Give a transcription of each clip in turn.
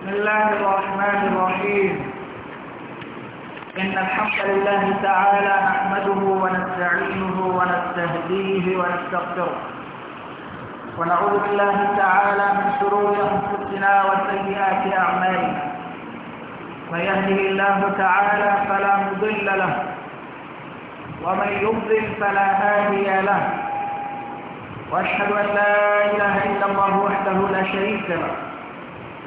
بسم الله الرحمن الرحيم إن الحمد لله تعالى نحمده ونستعينه ونستهديه ونستغفره ونعوذ بالله تعالى من شرور أنفسنا وسيئات أعمالنا من يهده الله تعالى فلا مضل له ومن يضلل فلا هادي له واشهد ان لا اله الا الله وحده لا شريك له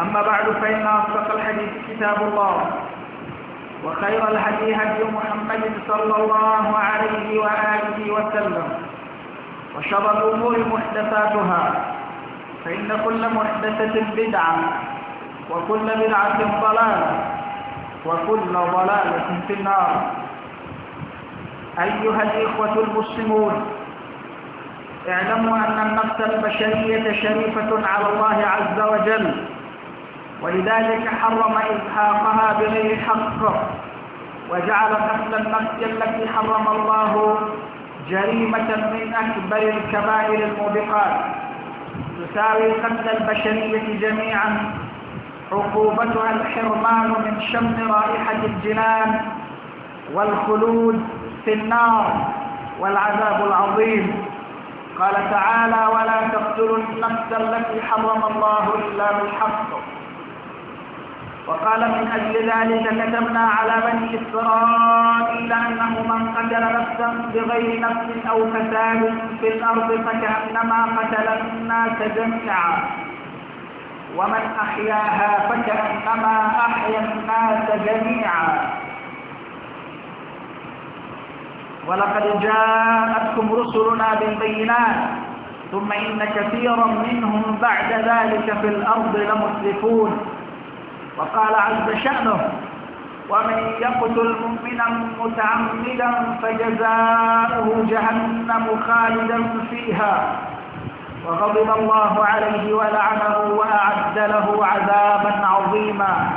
أما بعد فإن أصدق الحديث كتاب الله وخير الهدي هدي محمد صلى الله عليه وآله وسلم وشر الأمور محدثاتها فإن كل محدثة بدعة وكل بدعة ضلالة وكل ضلالة في النار أيها الإخوة المسلمون اعلموا أن النفس البشرية شريفة على الله عز وجل ولذلك حرم إلحاقها بغير حق وجعل قتل النفس التي حرم الله جريمة من أكبر الكبائر الموبقات تساوي قتل البشرية جميعا عقوبتها الحرمان من شم رائحة الجنان والخلود في النار والعذاب العظيم قال تعالى ولا تقتلوا النفس التي حرم الله إلا بالحق وقال من أجل ذلك كتبنا على بني إسرائيل أنه من قتل نفسا بغير نفس أو فساد في الأرض فكأنما قتل الناس جميعا ومن أحياها فكأنما أحيا الناس جميعا ولقد جاءتكم رسلنا بالبينات ثم إن كثيرا منهم بعد ذلك في الأرض لمسرفون وقال عز شأنه ومن يقتل مؤمنا متعمدا فجزاؤه جهنم خالدا فيها وغضب الله عليه ولعنه وأعد له عذابا عظيما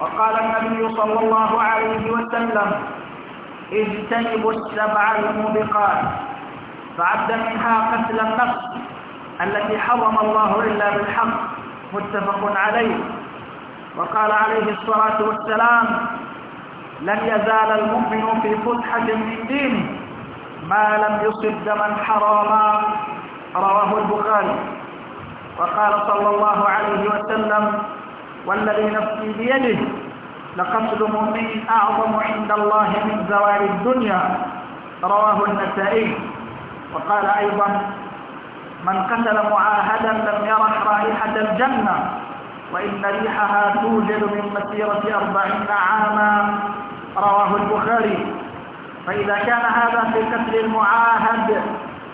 وقال النبي صلى الله عليه وسلم اجتنبوا السبع الموبقات فعد منها قتل النفس التي حرم الله إلا بالحق متفق عليه وقال عليه الصلاة والسلام لن يزال المؤمن في فتحة من دينه ما لم يصب دما حراما رواه البخاري وقال صلى الله عليه وسلم والذي نفسي بيده لقتل مؤمن أعظم عند الله من زوال الدنيا رواه النسائي وقال أيضا من قتل معاهدا لم يرح رائحة الجنة وإن ريحها توجد من مسيرة أربعين عاما رواه البخاري فإذا كان هذا في قتل المعاهد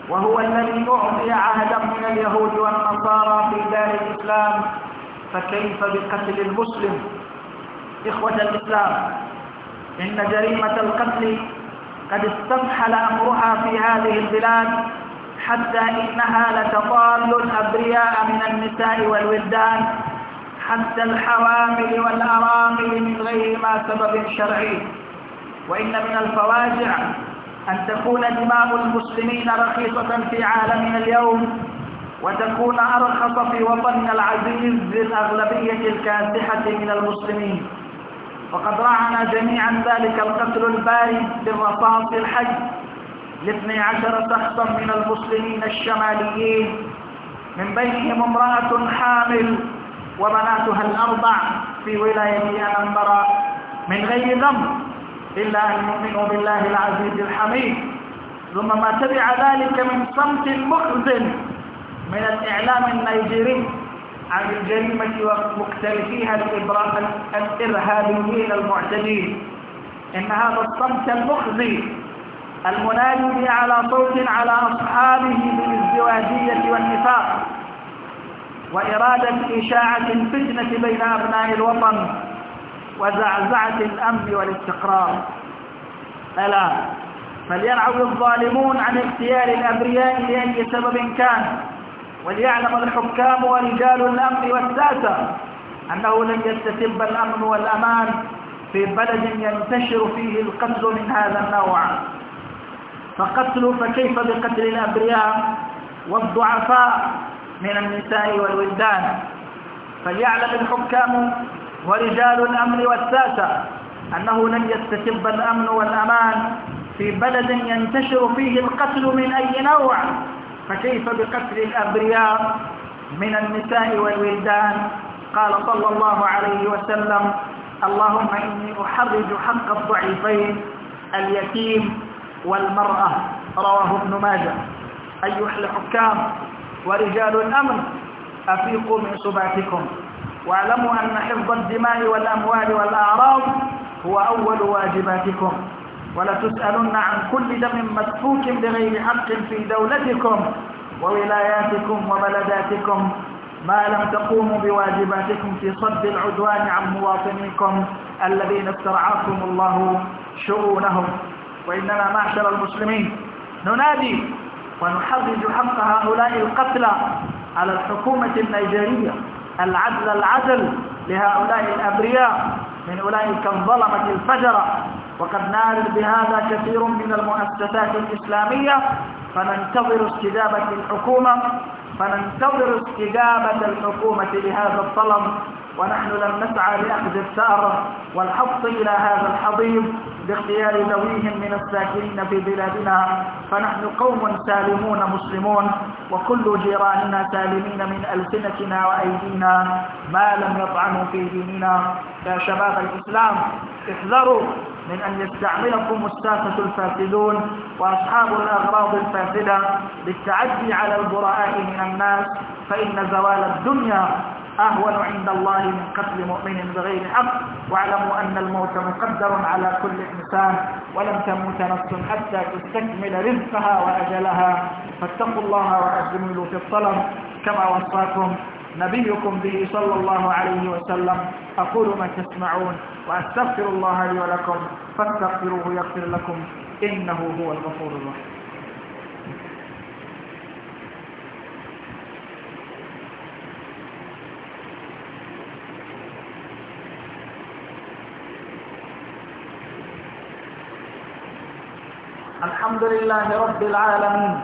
وهو الذي أعطي عهدا من اليهود والنصارى في دار الإسلام فكيف بقتل المسلم إخوة الإسلام إن جريمة القتل قد استفحل أمرها في هذه البلاد حتى إنها لتطال الأبرياء من النساء والولدان حتى الحوامل والأرامل من غير ما سبب شرعي وإن من الفواجع أن تكون دماء المسلمين رخيصة في عالمنا اليوم وتكون أرخص في وطننا العزيز للأغلبية الكاسحة من المسلمين وقد رعنا جميعا ذلك القتل البارد بالرصاص الحج لاثني عشر شخصا من المسلمين الشماليين من بينهم امرأة حامل وبناتها الأربع في ولاية أنبرة من غير ذنب إلا أن يؤمنوا بالله العزيز الحميد ثم ما تبع ذلك من صمت مخزن من الإعلام النيجيري عن الجريمة ومختلفيها الإرهابيين المعتدين إن هذا الصمت المخزي المنادي على صوت على أصحابه بالازدواجية والنفاق وإرادة إشاعة الفتنة بين أبناء الوطن وزعزعة الأمن والاستقرار ألا فليرعب الظالمون عن اغتيال الأبرياء لأي سبب كان وليعلم الحكام ورجال الأمن والساسة أنه لن يستتب الأمن والأمان في بلد ينتشر فيه القتل من هذا النوع فقتل فكيف بقتل الأبرياء والضعفاء من النساء والولدان فليعلم الحكام ورجال الأمر والساسة أنه لن يستتب الأمن والأمان في بلد ينتشر فيه القتل من أي نوع فكيف بقتل الأبرياء من النساء والولدان قال صلى الله عليه وسلم اللهم إني أحرج حق الضعيفين اليتيم والمرأة رواه ابن ماجه أيها الحكام ورجال الأمر أفيقوا من سباتكم واعلموا أن حفظ الدماء والأموال والأعراض هو أول واجباتكم ولتسألن عن كل دم مسفوك بغير حق في دولتكم وولاياتكم وبلداتكم ما لم تقوموا بواجباتكم في صد العدوان عن مواطنيكم الذين استرعاكم الله شؤونهم وإننا معشر المسلمين ننادي ونحرج حق هؤلاء القتلى على الحكومة النيجيرية العدل العدل لهؤلاء الأبرياء من أولئك الظلمة الفجرة وقد نال بهذا كثير من المؤسسات الإسلامية فننتظر استجابة الحكومة فننتظر استجابة الحكومة لهذا الطلب ونحن لم نسعى لأخذ الثأر والحط إلى هذا الحضيض باختيار ذويهم من الساكنين في بلادنا فنحن قوم سالمون مسلمون وكل جيراننا سالمين من ألسنتنا وأيدينا ما لم يطعنوا في ديننا يا شباب الإسلام احذروا من أن يستعملكم الساسة الفاسدون وأصحاب الأغراض الفاسدة بالتعدي على البراء من الناس فإن زوال الدنيا أهون عند الله من قتل مؤمن بغير حق واعلموا أن الموت مقدر على كل إنسان ولم تموت نفس حتى تستكمل رزقها وأجلها فاتقوا الله وأجملوا في الطلب كما وصاكم نبيكم به صلى الله عليه وسلم أقول ما تسمعون وأستغفر الله لي ولكم فاستغفروه يغفر لكم إنه هو الغفور الرحيم الحمد لله رب العالمين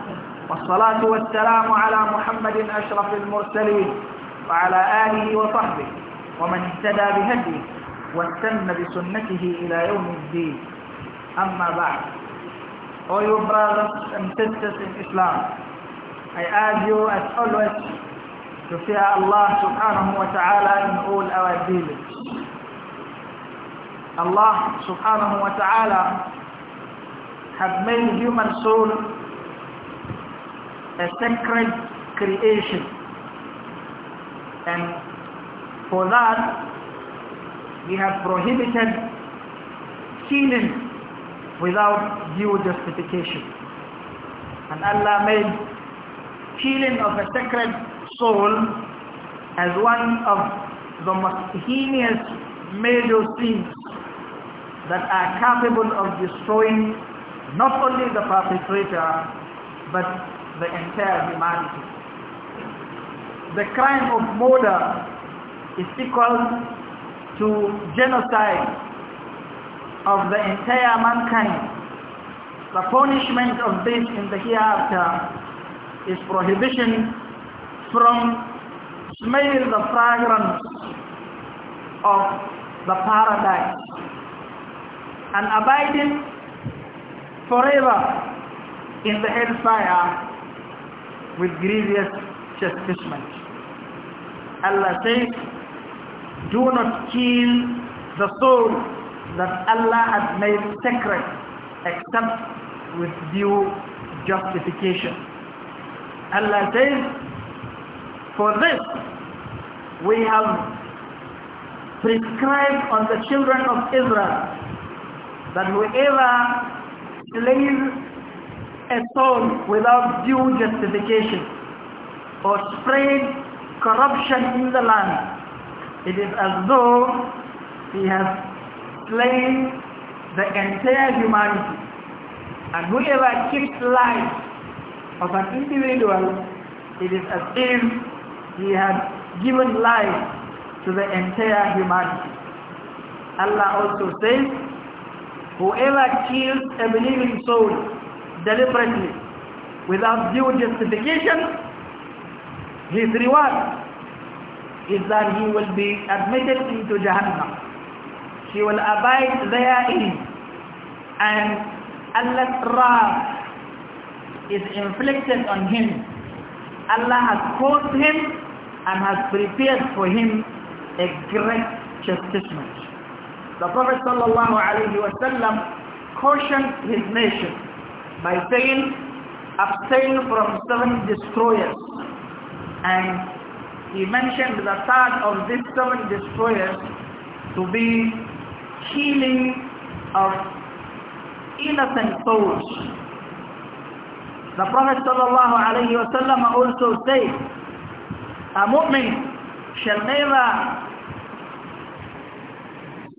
والصلاة والسلام على محمد أشرف المرسلين وعلى آله وصحبه ومن اهتدى بهديه واهتم بسنته إلى يوم الدين أما بعد أو you أن and الإسلام أي Islam I urge you as always to fear Allah subhanahu wa ta'ala in all our dealings Allah subhanahu wa ta'ala have made human soul a sacred creation and for that We have prohibited killing without due justification. And Allah made killing of a sacred soul as one of the most heinous major sins that are capable of destroying not only the perpetrator but the entire humanity. The crime of murder is equal to genocide of the entire mankind. The punishment of this in the hereafter is prohibition from smelling the fragrance of the paradise and abiding forever in the hellfire with grievous chastisement. Allah says, do not kill the soul that Allah has made sacred except with due justification. Allah says, for this we have prescribed on the children of Israel that whoever slays a soul without due justification or spreads corruption in the land it is as though he has slain the entire humanity. And whoever keeps life of an individual, it is as if he has given life to the entire humanity. Allah also says, whoever kills a believing soul deliberately without due justification, his reward is that he will be admitted into Jahannam. She will abide therein and Allah's wrath is inflicted on him. Allah has caused him and has prepared for him a great chastisement. The Prophet ﷺ cautioned his nation by saying, abstain from seven destroyers and he mentioned the task of these seven destroyers to be healing of innocent souls. The Prophet ﷺ also said, a mu'min shall never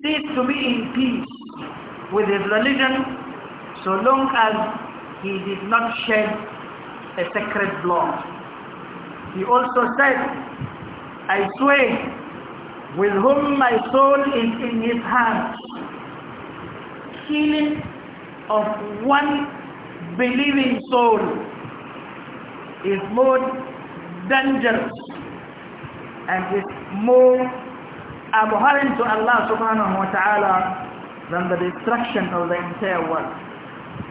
cease to be in peace with his religion so long as he did not shed a sacred blood. He also said, I swear, with whom my soul is in his hands, healing of one believing soul is more dangerous and is more abhorrent to Allah subhanahu wa ta'ala than the destruction of the entire world.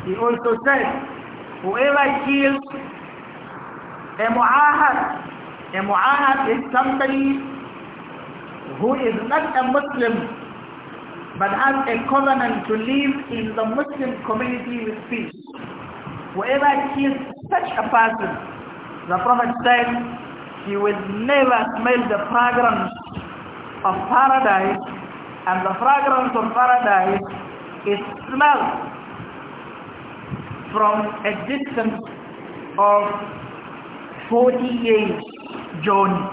He also said, whoever kills a mu'ahad a mu'ahad is somebody who is not a Muslim but has a covenant to live in the Muslim community with peace. Whoever kills such a person, the Prophet said, he will never smell the fragrance of paradise and the fragrance of paradise is smelled from a distance of 40 years journey.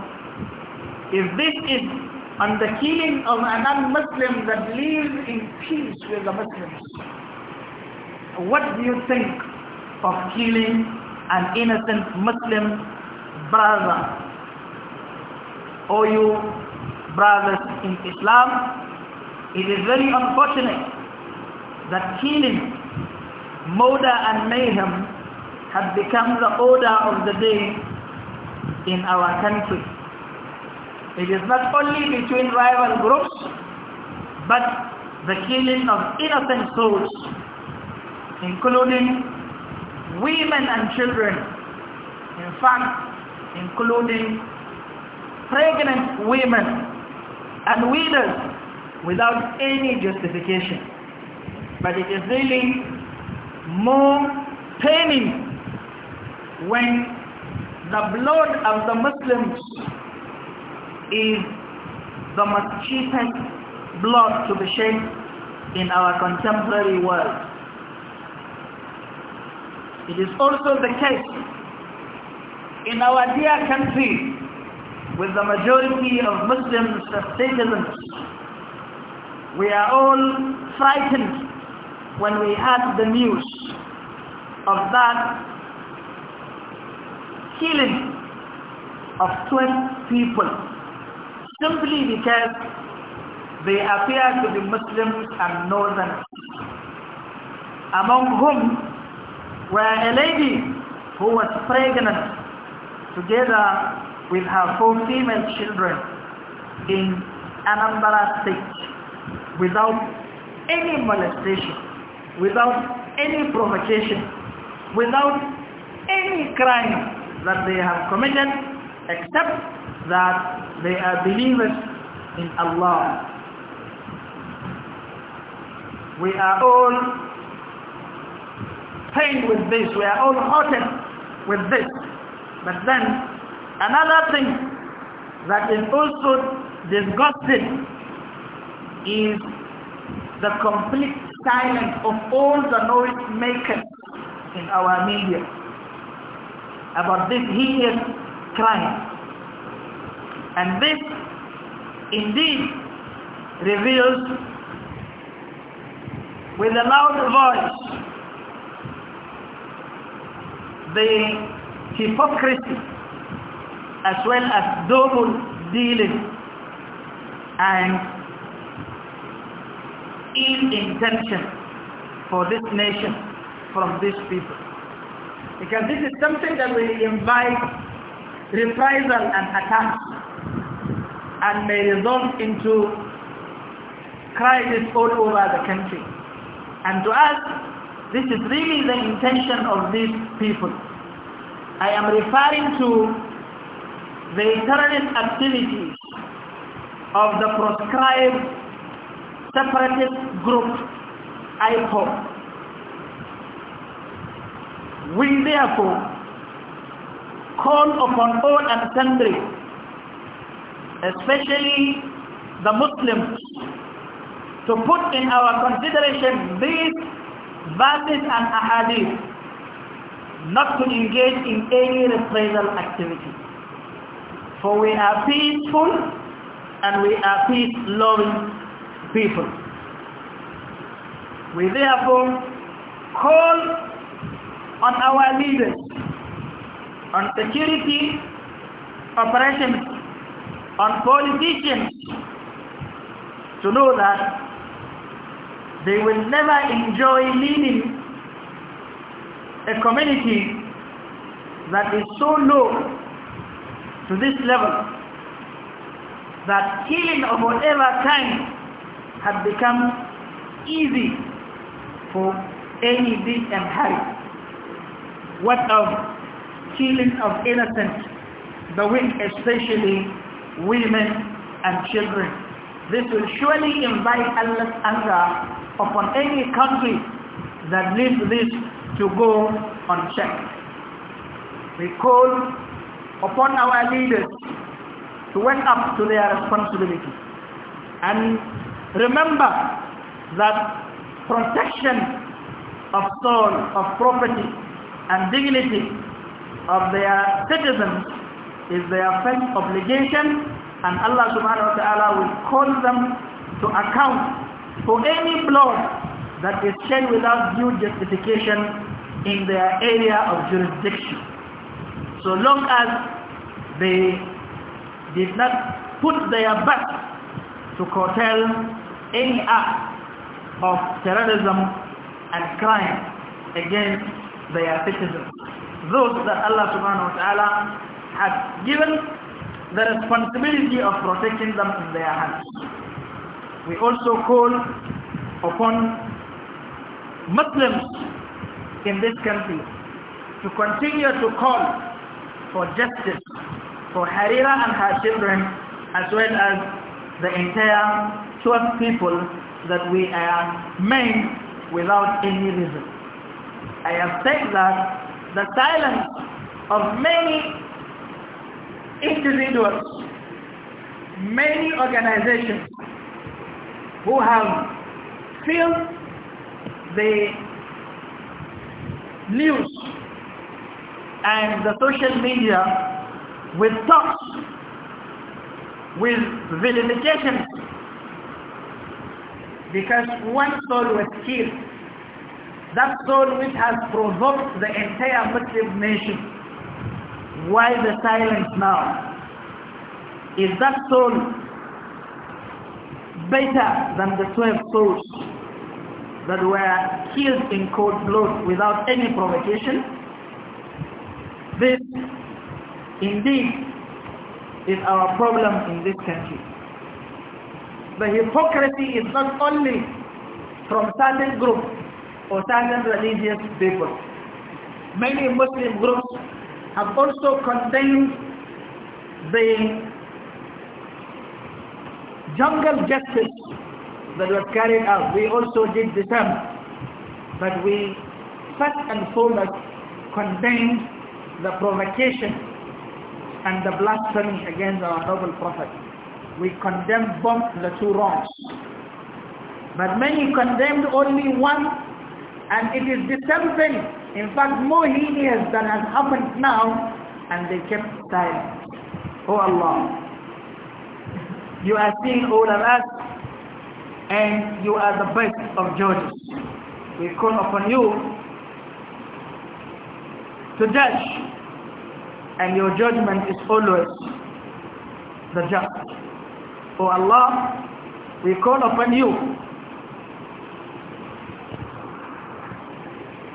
If this is on the killing of a non-Muslim that lives in peace with the Muslims, what do you think of killing an innocent Muslim brother or oh, you brothers in Islam? It is very unfortunate that killing, murder and mayhem had become the order of the day in our country. It is not only between rival groups, but the killing of innocent souls, including women and children, in fact, including pregnant women and widows without any justification. But it is really more paining when the blood of the Muslims is the most cheapest blood to be shed in our contemporary world. It is also the case in our dear country with the majority of Muslims as citizens. We are all frightened when we heard the news of that killing of 20 people simply because they appear to be Muslims and northerners, among whom were a lady who was pregnant together with her four female children in Anambra state without any molestation, without any provocation, without any crime that they have committed except that they are believers in Allah. We are all pained with this. We are all haunted with this. But then another thing that is also disgusting is the complete silence of all the noise makers in our media about this hideous crime. And this indeed reveals with a loud voice the hypocrisy as well as double dealing and ill intention for this nation from these people. Because this is something that will invite reprisal and attack and may result into crisis all over the country. And to us, this is really the intention of these people. I am referring to the terrorist activities of the proscribed separatist group IPOP we therefore call upon all and especially the Muslims, to put in our consideration these verses and ahadith, not to engage in any reprisal activity. For we are peaceful and we are peace-loving people. We therefore call on our leaders, on security operations, on politicians to know that they will never enjoy leading a community that is so low to this level that killing of whatever kind had become easy for any big and high what of killing of innocent, the weak, especially women and children. This will surely invite Allah's anger upon any country that leaves this to go unchecked. We call upon our leaders to wake up to their responsibility and remember that protection of soul, of property and dignity of their citizens is their first obligation and Allah subhanahu wa ta'ala will call them to account for any blood that is shed without due justification in their area of jurisdiction. So long as they did not put their back to curtail any act of terrorism and crime against their citizens, those that Allah subhanahu wa ta'ala has given the responsibility of protecting them in their hands. We also call upon Muslims in this country to continue to call for justice for Harira and her children as well as the entire 12 people that we are made without any reason. I have said that the silence of many individuals, many organizations who have filled the news and the social media with talks, with vilification, because one soul was killed that soul which has provoked the entire Muslim nation. Why the silence now? Is that soul better than the 12 souls that were killed in cold blood without any provocation? This indeed is our problem in this country. The hypocrisy is not only from certain groups or certain religious people. Many Muslim groups have also condemned the jungle justice that was carried out. We also did the same. But we first and foremost condemned the provocation and the blasphemy against our noble prophet. We condemned both the two wrongs. But many condemned only one and it is the same thing. In fact, more heinous than has happened now. And they kept silent. Oh Allah. You are seeing all of us. And you are the best of judges. We call upon you to judge. And your judgment is always the just. Oh Allah, we call upon you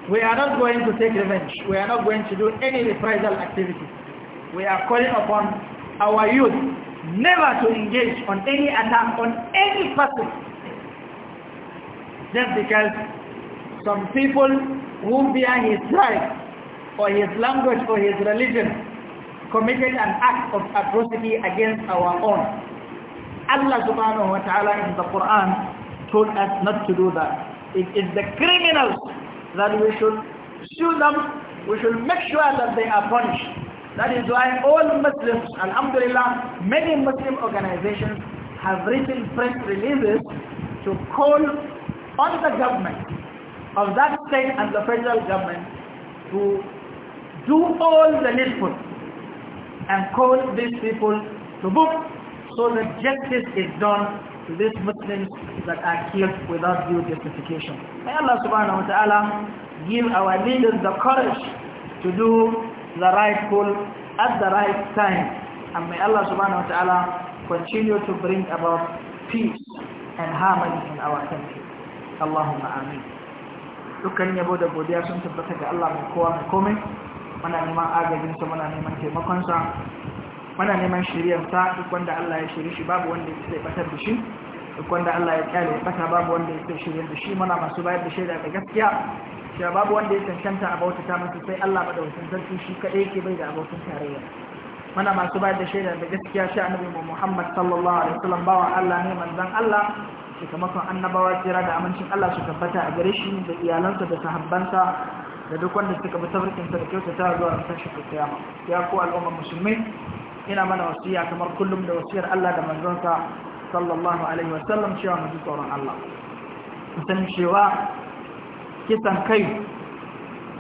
We are not going to take revenge. We are not going to do any reprisal activity. We are calling upon our youth never to engage on any attack on any person. Just because some people who bear his life, or his language or his religion committed an act of atrocity against our own. Allah subhanahu wa ta'ala in the Quran told us not to do that. It is the criminals that we should sue them, we should make sure that they are punished. That is why all Muslims, Alhamdulillah, many Muslim organizations have written press releases to call on the government of that state and the federal government to do all the needful and call these people to book so that justice is done to these Muslims that are killed without due justification. May Allah subhanahu wa ta'ala give our leaders the courage to do the right call at the right time. And may Allah subhanahu wa ta'ala continue to bring about peace and harmony in our country. Allahumma amin. Dukkan yabo da godiya sun tabbata ga Allah mai kowa mai komai. Muna neman agajinsa, muna neman taimakonsa. Mana neman shiryarsa duk wanda Allah ya shiri shi babu wanda ya sai batar da shi duk wanda Allah ya kyale ya bata babu wanda ya sai shiryar da shi muna masu bayar da shaida ga gaskiya cewa babu wanda ya cancanta a bautata masu sai Allah madawacin sarki shi kaɗai yake bai da abokin tarayya mana masu bayar da shaida da gaskiya shi annabi Muhammad sallallahu alaihi wasallam bawan Allah ne manzon Allah sakamakon annabawa kira da amincin Allah su tabbata a gare shi da iyalansa da sahabbansa da duk wanda suka bi tabarkinsa da kyautata zuwa ta kiyama ya ko al'ummar musulmai ina mana wasiya kamar kullum da wasiyar Allah da manzonsa sallallahu alaihi wasallam cewa mu ji tsoron Allah san cewa kisan kai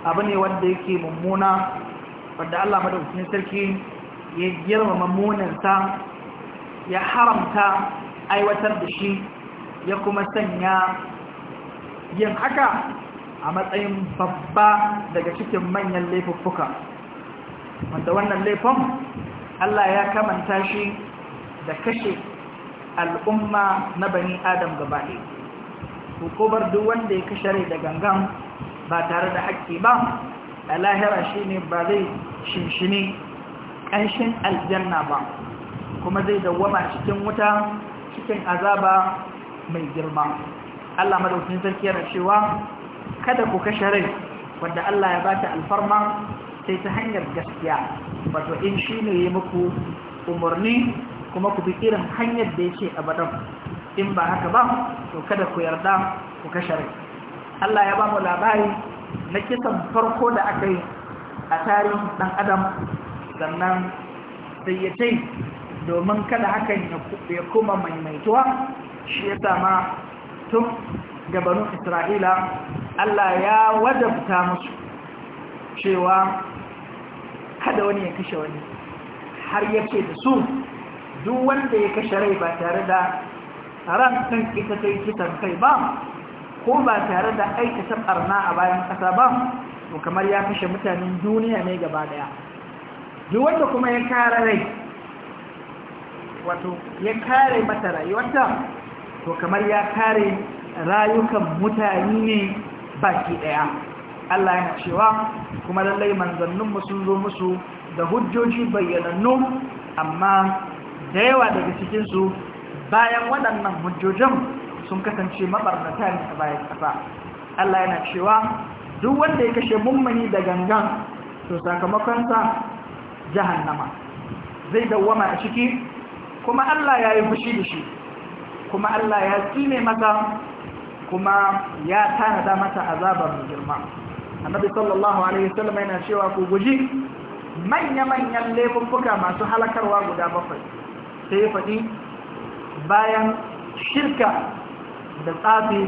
abu ne wanda yake mummuna wanda Allah madaukakin sarki ya girmama sa ya haramta aiwatar da shi ya kuma sanya yin haka a matsayin babba daga cikin manyan laifuffuka wanda wannan laifin Allah ya kamanta shi da kashe al'umma na bani adam gabaɗe hukumar duk wanda ya kashe rai da gangan ba tare da haƙƙi ba a lahira shi ne ba zai shinshini ƙanshin aljanna ba kuma zai dawwama cikin wuta cikin azaba mai girma Allah madaukin sarki yana cewa kada ku kashe rai wanda Allah ya bata alfarma sai ta hanyar gaskiya wato in shi ne yi muku umarni kuma ku bi irin hanyar da ya ce a badan in ba haka ba to kada ku yarda ku kashe rai Allah ya ba mu labari na kisan farko da aka yi a tarihin ɗan adam zannan sai ya ce domin kada hakan ya kuma maimaituwa shi ya sama tun gabanin isra'ila Allah ya wajabta musu cewa kada wani ya kashe wani har ya ce da su duk wanda ya kashe rai ba tare da ran kan ita ta yi kitan kai ba ko ba tare da aikata tabarna a bayan kasa ba to kamar ya kashe mutanen duniya ne gaba daya duk wanda kuma ya kare rai wato ya kare mata rayuwarta to kamar ya kare rayukan mutane ne baki daya Allah yana cewa kuma lallai manzanninmu sun zo musu da hujjoji bayyanannu amma da yawa daga cikinsu bayan waɗannan hujjojin sun kasance mabarnata ne a bayan ƙasa Allah yana cewa duk wanda ya kashe mummuni da gangan to sakamakonsa jahannama zai dawwama a ciki kuma Allah ya yi fushi da shi kuma Allah ya tsine masa kuma ya tanada masa azabar girma annabi sallallahu alaihi wasallam yana cewa ku guji manya-manyan laifuffuka masu halakarwa guda bakwai sai ya faɗi bayan shirka da tsafi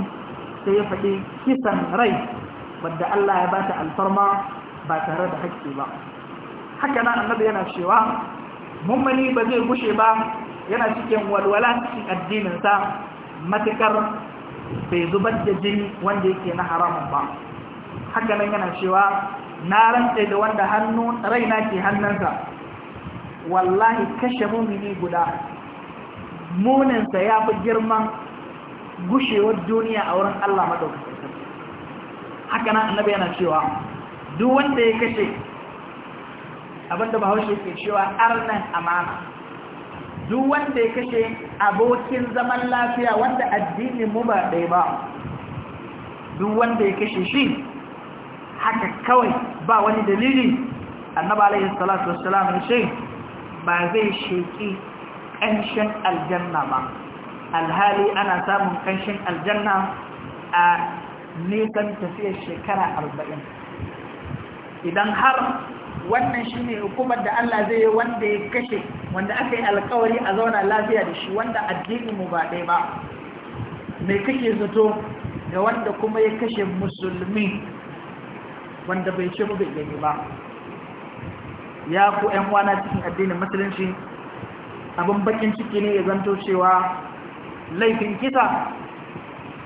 sai ya faɗi kisan rai wadda Allah ya ba ta alfarma ba tare da haƙƙi ba haka nan annabi yana cewa mummuni ba zai gushe ba yana cikin walwala cikin addininsa matukar bai zubar da jini wanda yake na haramun ba haka nan yana cewa na rantse da wanda hannu raina ke hannunsa wallahi kashe mumini guda muninsa ya fi girman gushewar duniya a wurin Allah maɗaukacin sarki haka nan annabi yana cewa duk wanda ya kashe abinda bahaushe ke cewa arnan amana duk wanda ya kashe abokin zaman lafiya wanda addinin mu ba ɗaya ba duk wanda ya kashe shi haka kawai ba wani dalili annaba alaihi salatu wassalam ya ce ba zai sheki kanshin aljanna ba alhali ana samun kanshin aljanna a nisan tafiyar shekara arba'in idan har wannan shi ne hukumar da Allah zai yi wanda ya kashe wanda aka yi alkawari a zauna lafiya da shi wanda addini mu ba ɗaya ba mai kake zato ga wanda kuma ya kashe musulmi wanda bai ce mu bai gani ba ya ku ƴan wana cikin addinin musulunci abin bakin ciki ne ya zanto cewa laifin kisa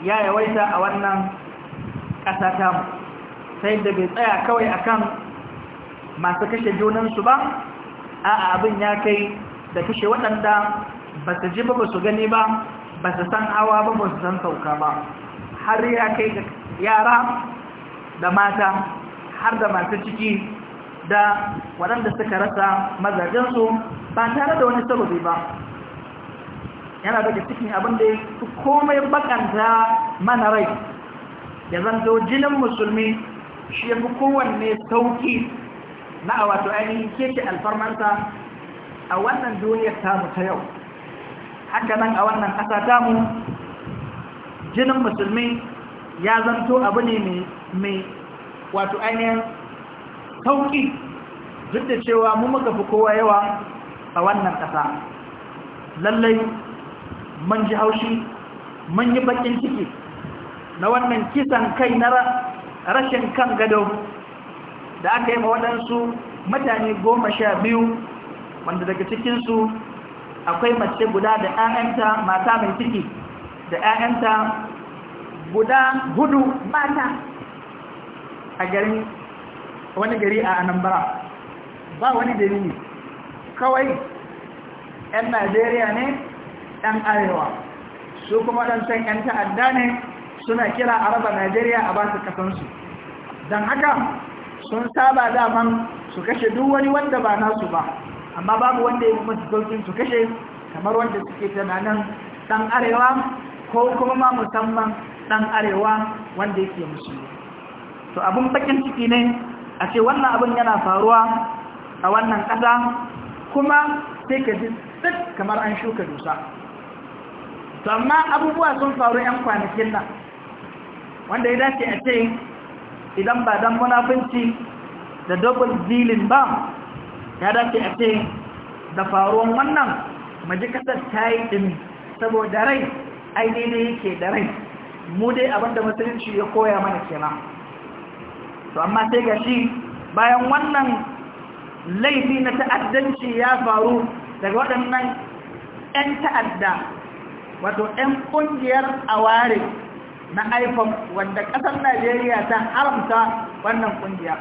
ya yawaita a wannan ƙasa mu sai da bai tsaya kawai akan masu kashe junansu ba a abin ya kai da kashe waɗanda ba su ji ba ba su gani ba ba su san hawa ba ba su san sauka ba har ya kai yara da mata har da masu ciki da waɗanda suka rasa mazajensu ba tare da wani sababi ba yana daga cikin abin da su komai bakanta mana rai ya zanto jinin musulmi shi ya fi kowanne sauki na a wato ainihin keke alfarmanta a wannan duniyar tamu ta yau haka nan a wannan ƙasa tamu jinin musulmi ya zanto abu ne mai wato ainihin sauƙi duk da cewa mu muka fi kowa yawa a wannan ƙasa lallai man ji haushi man yi bakin ciki na wannan kisan kai na rashin kan gado da aka yi ma waɗansu mutane goma sha biyu wanda daga cikinsu akwai mace guda da 'ya'yanta mata mai ciki da 'ya'yanta guda hudu mata a garin wani gari a anambra ba wani dalili kawai 'yan najeriya ne 'yan arewa su kuma san 'yan ta'adda ne suna kira a raba najeriya a ba su kasansu don haka sun saba daman su kashe duk wani wanda ba nasu ba amma babu wanda ya masu saukin su kashe kamar wanda suke tunanin ɗan arewa ko kuma ma musamman ɗan arewa wanda yake musulmi to abin bakin ciki ne a ce wannan abun yana faruwa a wannan ƙasa kuma sai ka ji duk kamar an shuka dusa to amma abubuwa sun faru 'yan kwanakin nan wanda ya dace a ce idan ba dan munafunci da double dealing ba ya dace a ce da faruwan wannan maji kasar ta yi ɗin saboda rai ainihin yake da rai mu dai abinda musulunci ya koya mana kenan to amma sai ga shi bayan wannan laifi na ta'addanci ya faru daga waɗannan 'yan ta'adda wato 'yan ƙungiyar aware na iphone wanda ƙasar najeriya ta haramta wannan ƙungiya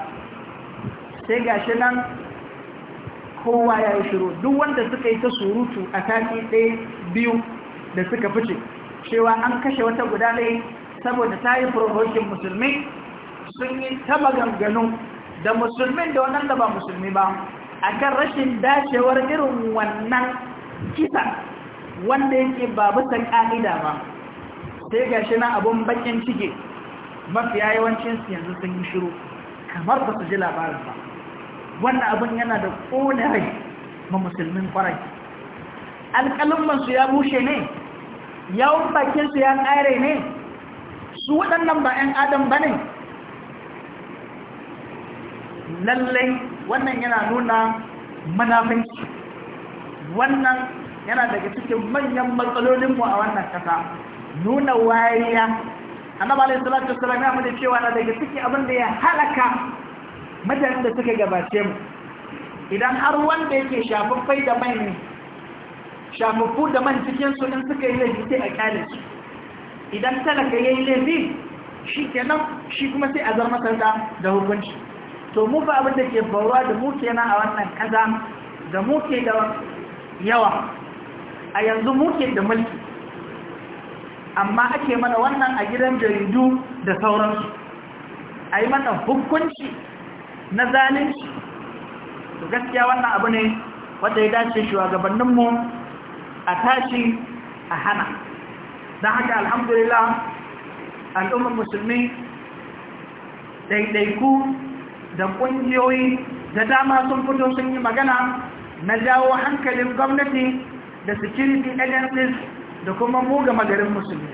sai ga shi nan kowa ya yi shiru duk wanda suka yi ta surutu a sati ɗaya biyu da suka fice cewa an kashe wata guda ɗaya saboda ta yi furohokin musulmi sun yi taba ganganu da musulmin da da ba musulmi ba a kan rashin dacewar irin wannan kisa wanda yake ba bisa ƙa'ida ba sai ga shi na abun bakin cike mafiya yawancinsu yanzu sun yi shiru kamar ba su ji labarin ba wannan abin yana da ƙone rai ma musulmin kwarai su ya bushe ne yawon bakinsu ya ƙare ne su waɗannan ba 'yan adam ba ne lallai wannan yana nuna manafinci wannan yana daga cikin manyan matsalolinmu a wannan kasa nuna wariya annaba alayhi salatu wassalam ya mana cewa na daga ciki abin da ya halaka mutanen da suka gabace mu idan har wanda yake shafaffai da mai shafaffu da man cikin su in suka yi laifi sai a kyale su idan talaka ya yi laifi shi kenan shi kuma sai a zarmatar da hukunci to mu fa abin da ke faruwa da mu na a wannan kaza da mu ke da yawa a yanzu mu ke da mulki amma ake mana wannan a gidan jaridu da sauransu a yi mana hukunci na zalunci to gaskiya wannan abu ne wanda ya dace shugabanninmu a tashi a hana don haka alhamdulillah al'ummar musulmi ɗaiɗaiku da ƙungiyoyi da dama sun fito sun yi magana na jawo hankalin gwamnati da security agencies da kuma mu gama garin musulmi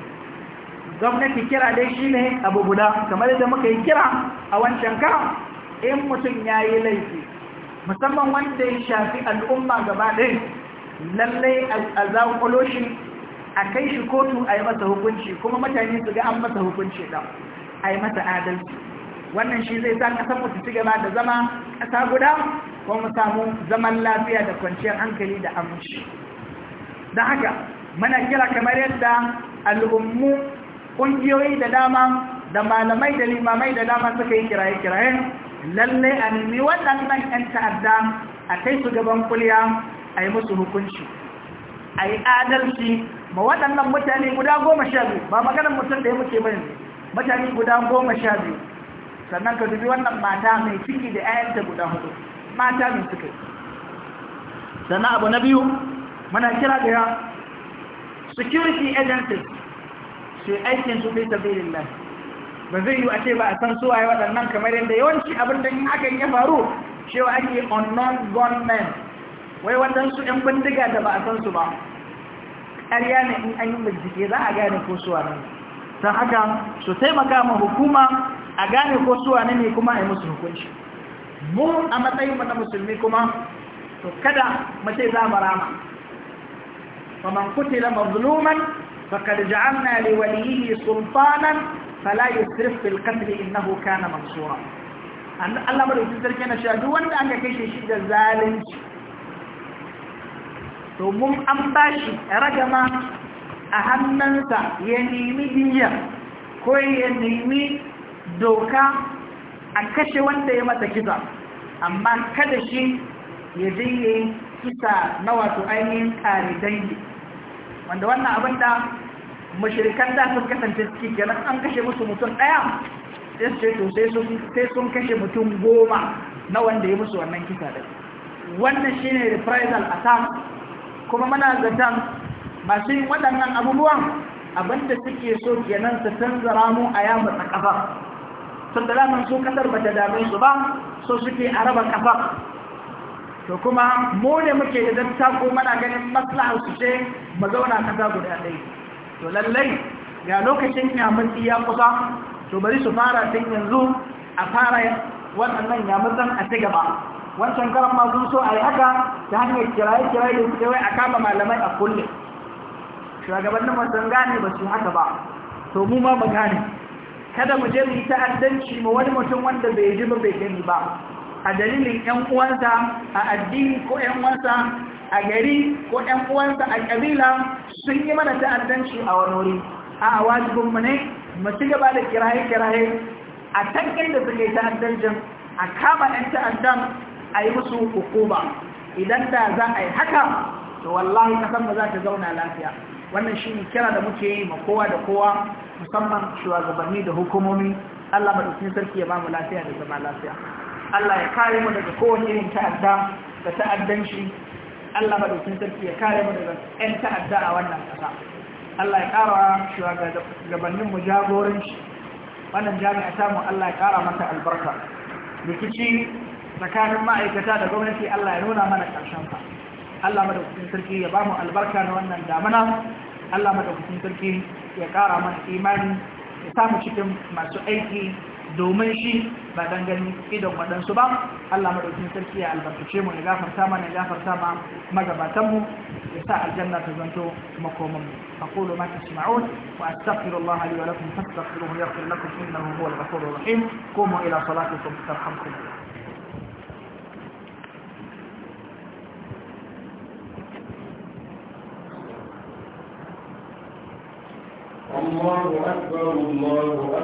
gwamnati kira dai shi ne abu guda kamar da muka yi kira a wancan ka, in mutum ya yi laifi musamman wanda ya shafi al'umma gaba ɗaya lallai a zaƙulo shi a kai shi kotu a yi masa hukunci kuma mutane su ga an masa hukunci ɗan a yi masa adalci wannan shi zai sa kasar mu ci gaba da zama ƙasa guda ko mu samu zaman lafiya da kwanciyar hankali da abinci. da haka muna kira kamar yadda al'ummu ƙungiyoyi da dama da malamai da limamai da dama suka yi kiraye-kiraye lalle a nemi nan 'yan ta'adda a kai su gaban kuliya a yi musu hukunci a yi adalci ma waɗannan mutane guda goma sha biyu ba maganar mutum da ya muke bane mutane guda goma sha biyu sannan ka dubi wannan mata mai ciki da ƴaƴanta guda hudu mata mai suka sannan abu na biyu muna kira da security agencies su aikin su fi sabilillah ba zai yi a ce ba a san su waye waɗannan kamar yadda yawanci abin da hakan ya faru cewa ake unknown gun men wai waɗansu ‘yan bindiga da ba a san su ba ƙarya ne in an yi bincike za a gane ko suwa waɗansu ta haka su taimaka ma hukuma a gane ko suwa ne ne kuma a yi musu mu a matsayin mata musulmi kuma to kada mace za mu rama wa man kutila mazluman fa kad ja'alna li walihi sultanan fala yusrif fil qatl innahu kana mansura Allah madaukakin sarki na shi duk wanda aka kai shi da zalunci to mun an bashi ragama a hannunsa ya nemi diya ko ya nemi doka a kashe wanda ya mata kisa amma kada shi ya je kisa na wato ainihin kare dangi wanda wannan abin da mashirikan da sun kasance suke kenan an kashe musu mutum ɗaya sai su ce to sai sun kashe mutum goma na wanda ya musu wannan kisa da wannan shi ne reprisal ta, kuma mana zaton masu yin waɗannan abubuwan abinda suke so kenan su tanzara mu a yamata ƙafa sun su kasar ba ta dame su ba so suke a raba kafa to kuma mu ne muke da zanta muna mana ganin maslahar su ce zauna kasa guda ɗaya to lallai ga lokacin yamutsi ya kusa to bari su fara tun yanzu a fara waɗannan yamutsan a ci gaba wancan karan ma sun so a yi haka ta hanyar kiraye-kiraye da suke wai a kama malamai a kulle shugabannin wasan gane ba su haka ba to mu ma mu gane kada mu je mu yi ta'addanci ma wani mutum wanda bai ji ba bai gani ba a dalilin ƴan uwansa a addini ko ƴan uwansa a gari ko ƴan uwansa a kabila sun yi mana ta'addanci a wani wuri a wajibin mu ne mu ci gaba da kiraye kiraye a tankin da suke ta'addancin a kama ƴan ta'addan a yi musu hukuma idan da za a yi haka to wallahi kasan ba za ta zauna lafiya wannan shi ne kira da muke yi ma kowa da kowa musamman shugabanni da hukumomi Allah madaukakin sarki ya ba mu lafiya da zama lafiya Allah ya kare mu daga kowane irin ta'adda da ta'addanci Allah madaukakin sarki ya kare mu daga ƴan ta'adda a wannan ƙasa Allah ya kara shugabannin mu shi. wannan jami'a ta Allah ya kara mata albarka rikici tsakanin ma'aikata da gwamnati Allah ya nuna mana ƙarshen sa Allah madaukakin sarki ya bamu albarka na wannan damana Allah madaukakin sarki ya kara mana imani ya samu cikin masu aiki domin shi ba dan gani idan waɗansu ba Allah madaukakin sarki ya albarkace mu ya gafarta mana ya gafarta ma magabatan mu ya sa aljanna ta zanto makoman mu aqulu ma tasma'un wa astaghfirullaha li wa lakum fastaghfiruhu yaghfir lakum innahu huwal ghafurur rahim qumu ila salatikum tarhamkum الله أكبر الله أكبر